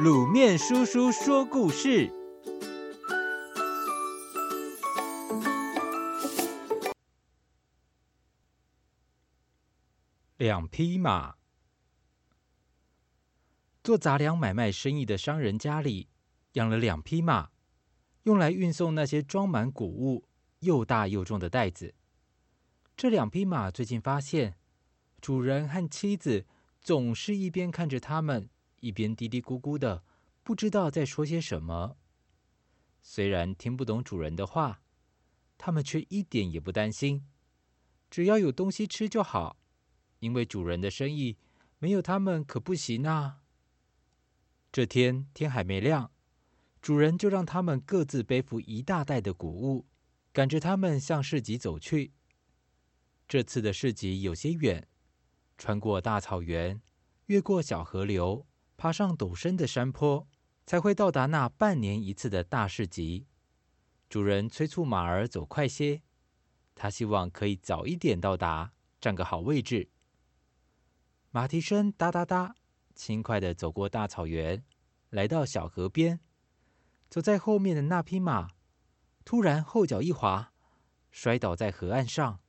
滷麵叔叔說故事：兩匹馬。做雜糧買賣生意的商人家裡養了兩匹馬，用來運送那些裝滿穀物又大又重的袋子。這兩匹馬最近發現，主人和妻子總是一邊看着他們。一邊嘀嘀咕咕的，不知道在說些什麼。雖然聽不懂主人的話，他們卻一點也不擔心，只要有東西吃就好。因為主人的生意沒有他們可不行啊。這天天還沒亮，主人就讓他們各自背負一大袋的穀物，趕着他們向市集走去。這次的市集有些遠，穿過大草原，越過小河流。爬上陡深的山坡，才會到達那半年一次的大市集。主人催促馬兒走快些，他希望可以早一點到達，佔個好位置。馬蹄聲噠噠噠，輕快地走過大草原，來到小河邊。走在後面的那匹馬，突然後腳一滑，摔倒在河岸上，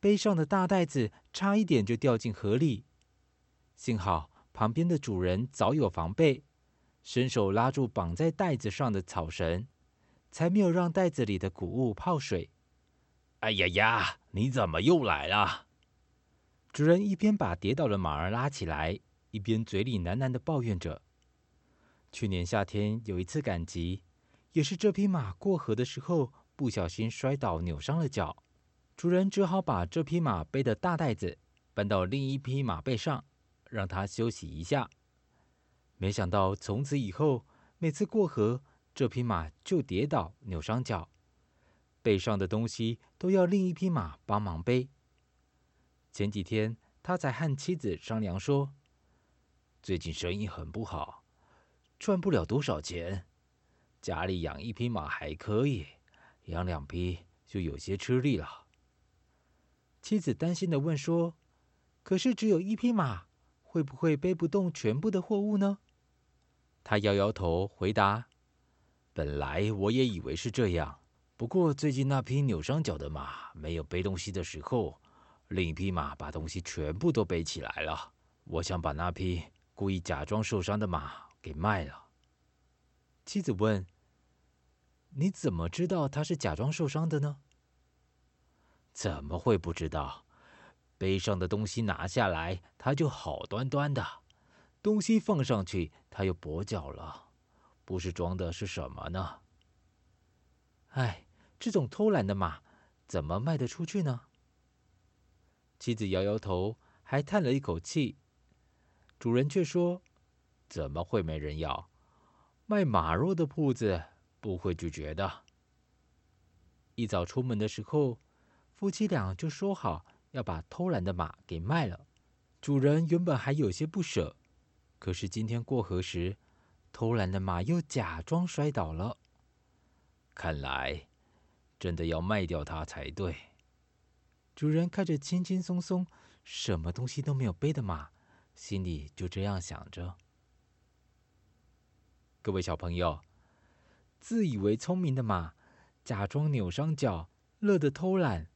背上的大袋子差一點就掉進河裡，幸好。旁邊的主人早有防備，伸手拉住綁在袋子上的草繩，才沒有讓袋子裡的谷物泡水。哎呀呀，你怎麼又來了？主人一邊把跌倒的馬兒拉起來，一邊嘴裡喃喃的抱怨着。去年夏天有一次趕集，也是這匹馬過河的時候不小心摔倒，扭傷了腳。主人只好把這匹馬背的大袋子搬到另一匹馬背上。讓他休息一下，沒想到從此以後，每次過河，這匹馬就跌倒、扭傷腳，背上的東西都要另一匹馬幫忙背。前幾天，他才和妻子商量說：“最近生意很不好，賺不了多少錢，家裡養一匹馬還可以，養兩匹就有些吃力了。”妻子擔心地問說：“可是只有一匹馬。”會不會背不動全部的貨物呢？他搖搖頭回答：“本來我也以為是這樣，不過最近那匹扭傷腳的馬沒有背東西的時候，另一匹馬把東西全部都背起來了。我想把那匹故意假裝受傷的馬給賣了。”妻子問：“你怎麼知道他是假裝受傷的呢？”“怎麼會不知道？”背上的東西拿下來，它就好端端的；東西放上去，它又跛腳了。不是裝的是什麼呢？唉，這種偷懶的馬，怎麼賣得出去呢？妻子搖搖頭，還嘆了一口氣。主人卻說：“怎麼會沒人要？賣馬肉的鋪子不會拒絕的。”一早出門的時候，夫妻倆就說好。要把偷懶的馬給賣了。主人原本還有些不捨，可是今天過河時，偷懶的馬又假裝摔倒了。看來真的要賣掉它才對。主人看着輕輕鬆鬆、什麼東西都沒有背的馬，心裡就這樣想着。各位小朋友，自以為聰明的馬，假裝扭傷腳，樂得偷懶。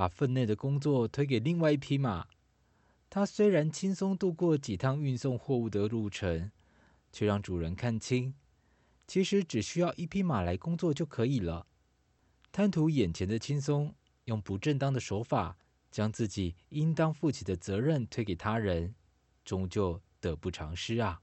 把份內的工作推給另外一匹馬，它雖然輕鬆度過幾趟運送貨物的路程，卻讓主人看清，其實只需要一匹馬來工作就可以了。貪圖眼前的輕鬆，用不正當的手法將自己應當負起的責任推給他人，終究得不償失啊！